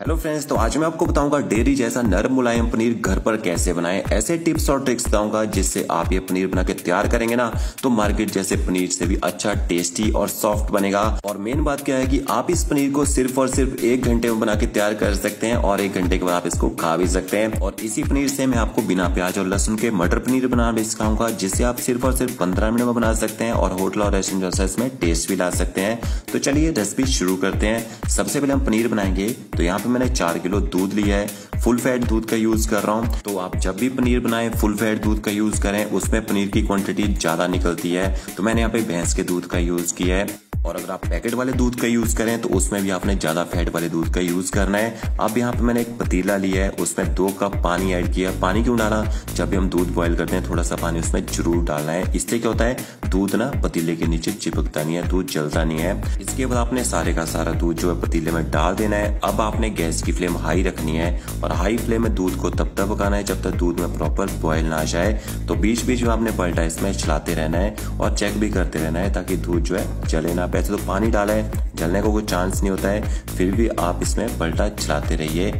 hello friends तो आज मैं आपको बताऊंगा डेयरी जैसा नरम मुलायम पनीर घर पर कैसे बनाएं ऐसे टिप्स और ट्रिक्स बताऊंगा जिससे आप ये पनीर बना के तैयार करेंगे ना तो मार्केट जैसे पनीर से भी अच्छा टेस्टी और सॉफ्ट बनेगा और मेन बात क्या है कि आप इस पनीर को सिर्फ और सिर्फ एक घंटे में बना के तैयार कर सकते हैं और एक घंटे के बाद आप इसको खा भी सकते हैं और इसी पनीर से मैं आपको बिना प्याज और लहसुन के मटर पनीर बना सिखाऊंगा जिससे आप सिर्फ और सिर्फ पंद्रह मिनट में बना सकते हैं और होटल और रेस्टोरेंट जैसे इसमें टेस्ट भी ला सकते हैं तो चलिए रेसिपी शुरू करते हैं सबसे पहले हम पनीर बनाएंगे तो यहाँ पे तो मैंने चार किलो दूध लिया है फुल फैट दूध का यूज कर रहा हूँ तो आप जब भी पनीर बनाएं फुल फैट दूध का यूज करें उसमें पनीर की क्वांटिटी ज्यादा निकलती है तो मैंने यहाँ पे भैंस के दूध का यूज किया है और अगर आप पैकेट वाले दूध का यूज करें तो उसमें भी आपने ज्यादा फैट वाले दूध का यूज करना है अब यहाँ पे मैंने एक पतीला लिया है उसमें दो कप पानी ऐड किया पानी क्यों डाला जब भी हम दूध बॉईल करते हैं थोड़ा सा पानी उसमें जरूर डालना है इससे क्या होता है दूध ना पतीले के नीचे चिपकता नहीं है दूध जलता नहीं है इसके बाद आपने सारे का सारा दूध जो है पतीले में डाल देना है अब आपने गैस की फ्लेम हाई रखनी है और हाई फ्लेम में दूध को तब तक पकाना है जब तक दूध में प्रॉपर बॉयल ना आ जाए तो बीच बीच में आपने पलटा इसमें चलाते रहना है और चेक भी करते रहना है ताकि दूध जो है जले ना पैसे तो पानी डाला है जलने का कोई चांस नहीं होता है फिर भी आप इसमें पलटा चलाते रहिए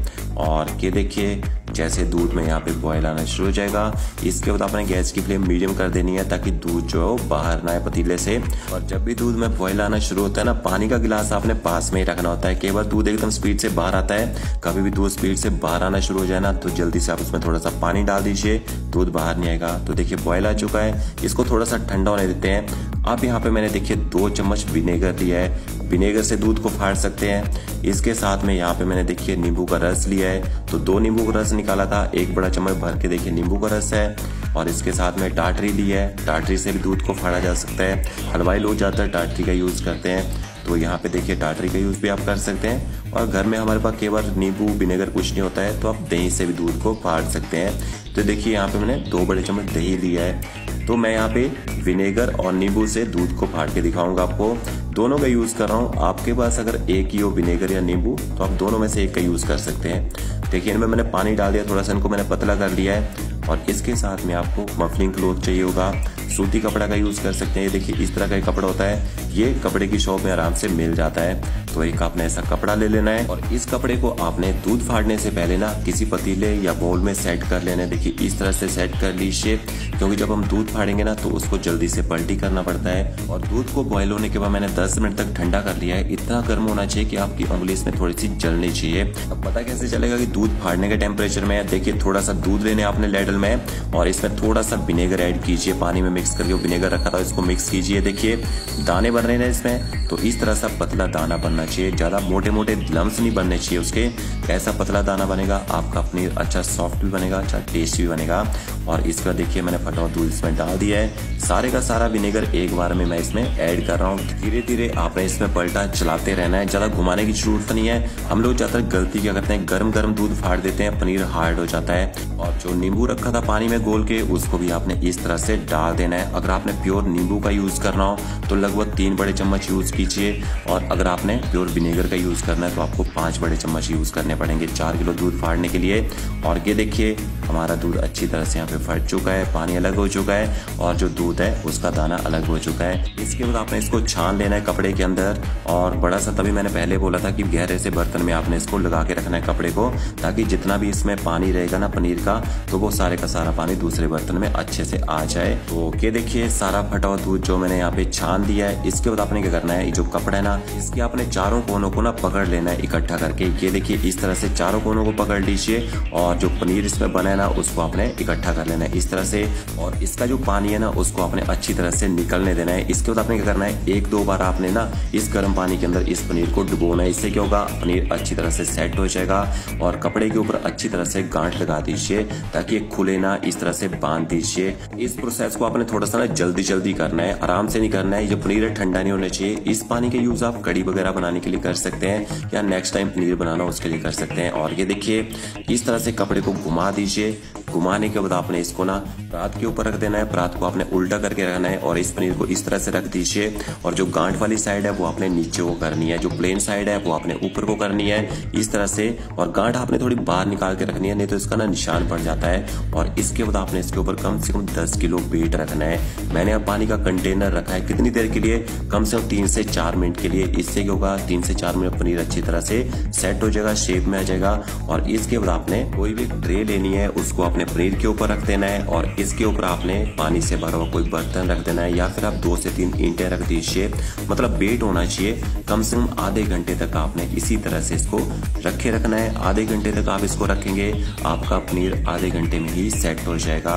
और ये देखिए जैसे दूध में यहाँ पे बॉयल आना शुरू हो जाएगा इसके बाद आपने गैस की फ्लेम मीडियम कर देनी है ताकि दूध जो है वो बाहर ना आए पतीले से और जब भी दूध में बॉयल आना शुरू होता है ना पानी का गिलास आपने पास में ही रखना होता है केवल दूध एकदम स्पीड से बाहर आता है कभी भी दूध स्पीड से बाहर आना शुरू हो जाए ना तो जल्दी से आप उसमें थोड़ा सा पानी डाल दीजिए दूध बाहर नहीं आएगा तो देखिए बॉयल आ चुका है इसको थोड़ा सा ठंडा होने देते हैं अब यहाँ पे मैंने देखिए दो चम्मच विनेगर लिया है विनेगर से दूध को फाड़ सकते हैं इसके साथ में यहाँ पे मैंने देखिए नींबू का रस लिया है तो दो नींबू का रस निकाला था एक बड़ा चम्मच भर के देखिए नींबू का रस है और इसके साथ में टाटरी ली है टाटरी से भी दूध को फाड़ा जा सकता है हलवाई लोग ज़्यादातर टाटरी का यूज़ करते हैं तो यहाँ पे देखिए टाटरी का यूज़ भी आप कर सकते हैं और घर में हमारे पास केवल नींबू विनेगर कुछ नहीं होता है तो आप दही से भी दूध को फाड़ सकते हैं तो देखिए यहाँ पे मैंने दो बड़े चम्मच दही लिया है तो मैं यहाँ पे विनेगर और नींबू से दूध को फाड़ के दिखाऊंगा आपको दोनों का यूज़ कर रहा हूँ आपके पास अगर एक ही हो विनेगर या नींबू तो आप दोनों में से एक का यूज़ कर सकते हैं देखिए इनमें मैंने पानी डाल दिया थोड़ा सा इनको मैंने पतला कर लिया है और इसके साथ में आपको मफलिंग क्लोथ चाहिए होगा सूती कपड़ा का यूज़ कर सकते हैं ये देखिए इस तरह का कपड़ा होता है ये कपड़े की शॉप में आराम से मिल जाता है तो एक आपने ऐसा कपड़ा ले लेना है और इस कपड़े को आपने दूध फाड़ने से पहले ना किसी पतीले या बोल में सेट कर लेना है देखिए इस तरह से सेट कर ली शेप क्योंकि जब हम दूध फाड़ेंगे ना तो उसको जल्दी से पलटी करना पड़ता है और दूध को बॉयल होने के बाद मैंने दस मिनट तक ठंडा कर लिया है इतना गर्म होना चाहिए कि आपकी उंगली इसमें थोड़ी सी जलनी चाहिए अब पता कैसे चलेगा की दूध फाड़ने के टेम्परेचर में देखिए थोड़ा सा दूध लेने आपने लेडल में और इसमें थोड़ा सा विनेगर एड कीजिए पानी में मिक्स करके विनेगर रखा था इसको मिक्स कीजिए देखिए दाने बन रहे हैं इसमें तो इस तरह सा पतला दाना बनना चाहिए ज़्यादा मोटे मोटे लम्स नहीं बनने चाहिए उसके ऐसा पतला दाना बनेगा आपका पनीर अच्छा सॉफ्ट भी बनेगा अच्छा टेस्ट भी बनेगा और इसके बाद देखिए मैंने फटाफट दूध इसमें डाल दिया है सारे का सारा विनेगर एक बार में मैं इसमें ऐड कर रहा हूँ धीरे धीरे आपने इसमें पलटा चलाते रहना है ज़्यादा घुमाने की जरूरत नहीं है हम लोग ज़्यादातर गलती क्या करते हैं गर्म गर्म दूध फाड़ देते हैं पनीर हार्ड हो जाता है और जो नींबू रखा था पानी में घोल के उसको भी आपने इस तरह से डाल देना है अगर आपने प्योर नींबू का यूज़ करना हो तो लगभग तीन बड़े चम्मच यूज़ कीजिए और अगर आपने प्योर विनेगर का यूज़ करना है तो आपको पाँच बड़े चम्मच यूज़ करने पड़ेंगे चार किलो दूध फाड़ने के लिए और ये देखिए हमारा दूध अच्छी तरह से यहाँ पे फट चुका है पानी अलग हो चुका है और जो दूध है उसका दाना अलग हो चुका है इसके बाद आपने इसको छान लेना है कपड़े के अंदर और बड़ा सा तभी मैंने पहले बोला था कि गहरे से बर्तन में आपने इसको लगा के रखना है कपड़े को ताकि जितना भी इसमें पानी रहेगा ना पनीर का तो वो सारे का सारा पानी दूसरे बर्तन में अच्छे से आ जाए तो ओके देखिए सारा फटा हुआ दूध जो मैंने यहाँ पे छान दिया है इसके बाद आपने क्या करना है जो कपड़ा है ना इसके आपने चारों कोनों को ना पकड़ लेना है इकट्ठा करके ये देखिए इस तरह से चारों कोनों को पकड़ लीजिए और जो पनीर इसमें बना है ना उसको आपने इकट्ठा कर लेना है इस तरह से और इसका जो पानी है ना उसको आपने अच्छी तरह से निकलने देना है इसके बाद आपने क्या करना है एक दो बार आपने ना इस गर्म पानी के अंदर इस पनीर को डुबोना है इससे क्या होगा पनीर अच्छी तरह से सेट हो जाएगा और कपड़े के ऊपर अच्छी तरह से गांठ लगा दीजिए ताकि खुले ना इस तरह से बांध दीजिए इस प्रोसेस को आपने थोड़ा सा ना जल्दी जल्दी करना है आराम से नहीं करना है ये पनीर ठंडा नहीं होना चाहिए इस पानी का यूज आप कड़ी वगैरह बना बनाने के लिए कर सकते हैं या नेक्स्ट टाइम पनीर बनाना उसके लिए कर सकते हैं और ये देखिए इस तरह से कपड़े को घुमा दीजिए घुमाने के बाद आपने इसको ना प्रात के ऊपर रख देना है प्रात को आपने उल्टा करके रखना है और इस पनीर को इस तरह से रख दीजिए और जो गांठ वाली साइड है वो आपने नीचे को करनी है जो प्लेन साइड है वो आपने ऊपर को करनी है इस तरह से और गांठ आपने थोड़ी बाहर निकाल के रखनी है नहीं तो इसका ना निशान पड़ जाता है और इसके बाद आपने इसके ऊपर कम से कम दस किलो वेट रखना है मैंने अब पानी का कंटेनर रखा है कितनी देर के लिए कम से कम तीन से चार मिनट के लिए इससे क्या होगा तीन से चार मिनट पनीर अच्छी तरह से सेट हो जाएगा शेप में आ जाएगा और इसके बाद आपने कोई भी ट्रे लेनी है उसको आपने ब्रेड के ऊपर रख देना है और इसके ऊपर आपने पानी से भरा हुआ कोई बर्तन रख देना है या फिर आप दो से तीन ईंटे रख दीजिए मतलब वेट होना चाहिए कम से कम आधे घंटे तक आपने इसी तरह से इसको रखे रखना है आधे घंटे तक आप इसको रखेंगे आपका पनीर आधे घंटे में ही सेट हो जाएगा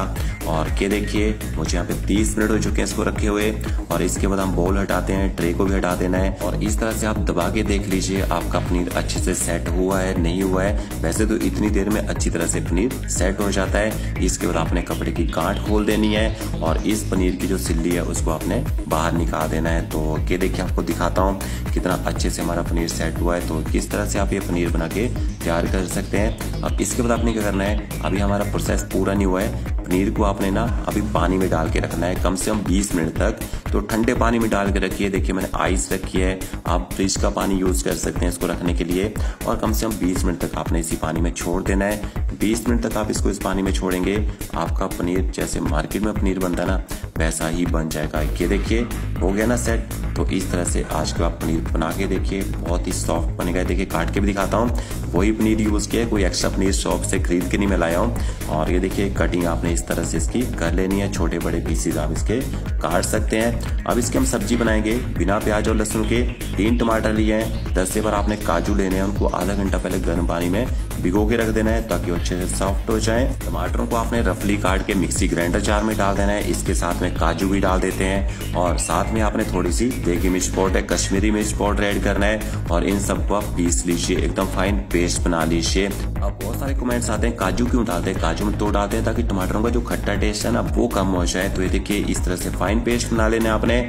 और ये देखिए मुझे यहाँ पे तीस मिनट हो चुके हैं इसको रखे हुए और इसके बाद हम बॉल हटाते हैं ट्रे को भी हटा देना है और इस तरह से आप दबा के देख लीजिए आपका पनीर अच्छे से सेट हुआ है नहीं हुआ है वैसे तो इतनी देर में अच्छी तरह से पनीर सेट हो जाता है जाता है इसके बाद आपने कपड़े की गांठ खोल देनी है और इस पनीर की जो सिल्ली है उसको आपने बाहर निकाल देना है तो ये देखिए आपको दिखाता हूँ कितना अच्छे से हमारा पनीर सेट हुआ है तो किस तरह से आप ये पनीर बना के तैयार कर सकते हैं अब इसके बाद आपने क्या करना है अभी हमारा प्रोसेस पूरा नहीं हुआ है पनीर को आपने ना अभी पानी में डाल के रखना है कम से कम 20 मिनट तक तो ठंडे पानी में डाल के रखिए देखिए मैंने आइस रखी है आप फ्रिज तो का पानी यूज़ कर सकते हैं इसको रखने के लिए और कम से कम 20 मिनट तक आपने इसी पानी में छोड़ देना है 20 मिनट तक आप इसको इस पानी में छोड़ेंगे आपका पनीर जैसे मार्केट में पनीर बनता ना वैसा ही बन जाएगा ये देखिए हो गया ना सेट तो इस तरह से आज का आप पनीर बना के देखिए बहुत ही सॉफ्ट बनेगा देखिए काट के भी दिखाता हूँ वही पनीर यूज़ किया कोई एक्स्ट्रा पनीर शॉप से खरीद के नहीं मैं लाया हूँ और ये देखिए कटिंग आपने इस तरह से इसकी कर लेनी है छोटे बड़े पीसीज आप इसके काट सकते हैं अब इसके हम सब्जी बनाएंगे बिना प्याज और लहसुन के तीन टमाटर लिए हैं दस से बार आपने काजू लेने हैं उनको आधा घंटा पहले गर्म पानी में भिगो के रख देना है ताकि अच्छे से सॉफ्ट हो जाए टमाटरों को आपने रफली काट के मिक्सी ग्राइंडर जार में डाल देना है इसके साथ में काजू भी डाल देते हैं और साथ में आपने थोड़ी सी देगी मिर्च पाउडर कश्मीरी मिर्च पाउडर एड करना है और इन सबको आप पीस लीजिए एकदम फाइन पेस्ट बना लीजिए अब बहुत सारे कमेंट्स आते हैं काजू क्यों डालते हैं काजू में तो डालते हैं ताकि टमाटरों का जो खट्टा टेस्ट है ना वो कम हो जाए तो ये देखिए इस तरह से फाइन पेस्ट बना लेना आपने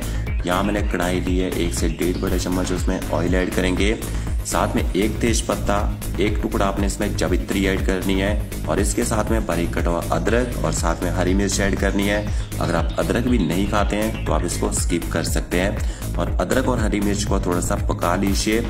यहाँ मैंने कढ़ाई ली है एक से डेढ़ बड़े चम्मच उसमें ऑयल ऐड करेंगे साथ में एक तेज पत्ता एक टुकड़ा आपने इसमें जवित्री ऐड करनी है और इसके साथ में बारीक कटवा अदरक और साथ में हरी मिर्च ऐड करनी है अगर आप अदरक भी नहीं खाते हैं तो आप इसको स्किप कर सकते हैं और अदरक और हरी मिर्च को थोड़ा सा पका लीजिए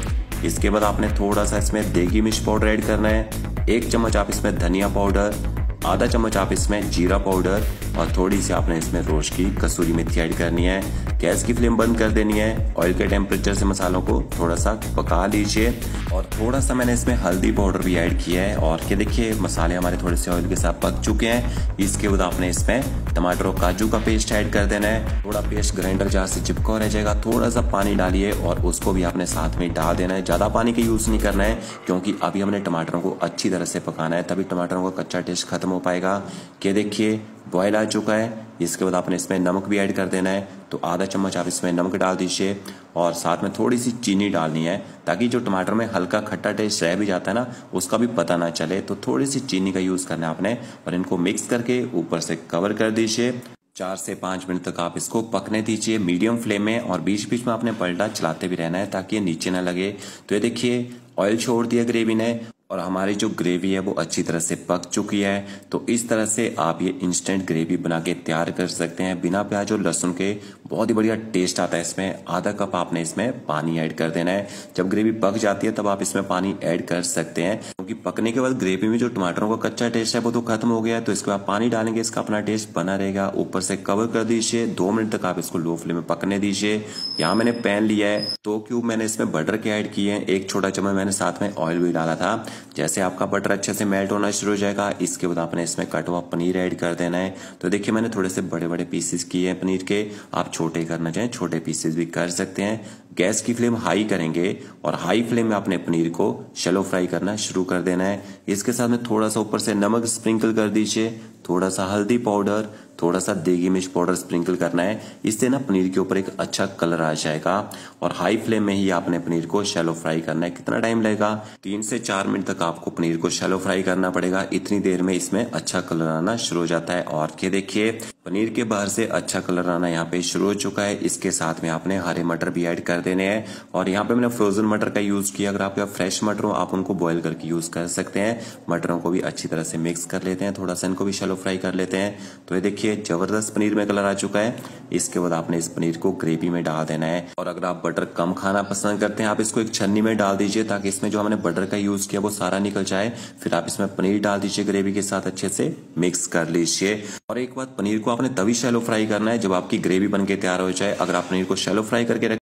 इसके बाद आपने थोड़ा सा इसमें देगी मिर्च पाउडर ऐड करना है एक चम्मच आप इसमें धनिया पाउडर आधा चम्मच आप इसमें जीरा पाउडर और थोड़ी सी आपने इसमें रोज की कसूरी मेथी ऐड करनी है गैस की फ्लेम बंद कर देनी है ऑयल के टेम्परेचर से मसालों को थोड़ा सा पका लीजिए और थोड़ा सा मैंने इसमें हल्दी पाउडर भी ऐड किया है और क्या देखिए मसाले हमारे थोड़े से ऑयल के साथ पक चुके हैं इसके बाद आपने इसमें टमाटर और काजू का पेस्ट ऐड कर देना है थोड़ा पेस्ट ग्राइंडर जार से चिपका रह जाएगा थोड़ा सा पानी डालिए और उसको भी आपने साथ में डाल देना है ज़्यादा पानी का यूज़ नहीं करना है क्योंकि अभी हमने टमाटरों को अच्छी तरह से पकाना है तभी टमाटरों का कच्चा टेस्ट खत्म हो पाएगा कि देखिए बॉयल आ चुका है इसके बाद आपने इसमें नमक भी ऐड कर देना है तो आधा चम्मच आप इसमें नमक डाल दीजिए और साथ में थोड़ी सी चीनी डालनी है ताकि जो टमाटर में हल्का खट्टा टेस्ट रह भी जाता है ना उसका भी पता ना चले तो थोड़ी सी चीनी का यूज़ करना है आपने और इनको मिक्स करके ऊपर से कवर कर दीजिए चार से पांच मिनट तक आप इसको पकने दीजिए मीडियम फ्लेम में और बीच बीच में आपने पलटा चलाते भी रहना है ताकि ये नीचे ना लगे तो ये देखिए ऑयल छोड़ दिया ग्रेवी ने और हमारी जो ग्रेवी है वो अच्छी तरह से पक चुकी है तो इस तरह से आप ये इंस्टेंट ग्रेवी बना के तैयार कर सकते हैं बिना प्याज और लहसुन के बहुत ही बढ़िया टेस्ट आता है इसमें आधा कप आपने इसमें पानी ऐड कर देना है जब ग्रेवी पक जाती है तब आप इसमें पानी ऐड कर सकते हैं क्योंकि पकने के बाद ग्रेवी में जो टमाटरों का कच्चा टेस्ट है वो तो खत्म हो गया है तो इसके बाद पानी डालेंगे इसका अपना टेस्ट बना रहेगा ऊपर से कवर कर दीजिए दो मिनट तक आप इसको लो फ्लेम में पकने दीजिए यहाँ मैंने पैन लिया है दो क्यूब मैंने इसमें बटर के ऐड किए हैं एक छोटा चम्मच मैंने साथ में ऑयल भी डाला था जैसे आपका बटर अच्छे से मेल्ट होना शुरू हो जाएगा इसके बाद आपने इसमें हुआ पनीर ऐड कर देना है तो देखिए मैंने थोड़े से बड़े बड़े पीसेस किए हैं पनीर के आप छोटे करना चाहें छोटे पीसेस भी कर सकते हैं गैस की फ्लेम हाई करेंगे और हाई फ्लेम में आपने पनीर को शेलो फ्राई करना शुरू कर देना है इसके साथ में थोड़ा सा ऊपर से नमक स्प्रिंकल कर दीजिए थोड़ा सा हल्दी पाउडर थोड़ा सा देगी मिर्च पाउडर स्प्रिंकल करना है इससे ना पनीर के ऊपर एक अच्छा कलर आ जाएगा और हाई फ्लेम में ही आपने पनीर को शेलो फ्राई करना है कितना टाइम लगेगा तीन से चार मिनट तक आपको पनीर को शेलो फ्राई करना पड़ेगा इतनी देर में इसमें अच्छा कलर आना शुरू हो जाता है और ये देखिए पनीर के बाहर से अच्छा कलर आना यहाँ पे शुरू हो चुका है इसके साथ में आपने हरे मटर भी ऐड कर देने हैं और यहाँ पे मैंने फ्रोजन मटर का यूज़ किया अगर आपके फ्रेश मटर हो आप उनको बॉईल करके यूज़ कर सकते हैं मटरों को भी अच्छी तरह से मिक्स कर लेते हैं थोड़ा सा इनको भी शेलो फ्राई कर लेते हैं तो ये देखिए ज़बरदस्त पनीर में कलर आ चुका है इसके बाद आपने इस पनीर को ग्रेवी में डाल देना है और अगर आप बटर कम खाना पसंद करते हैं आप इसको एक छन्नी में डाल दीजिए ताकि इसमें जो हमने बटर का यूज़ किया वो सारा निकल जाए फिर आप इसमें पनीर डाल दीजिए ग्रेवी के साथ अच्छे से मिक्स कर लीजिए और एक बात पनीर को आपने तभी शैलो फ्राई करना है जब आपकी ग्रेवी बन के तैयार हो जाए अगर आप पनीर को शैलो फ्राई करके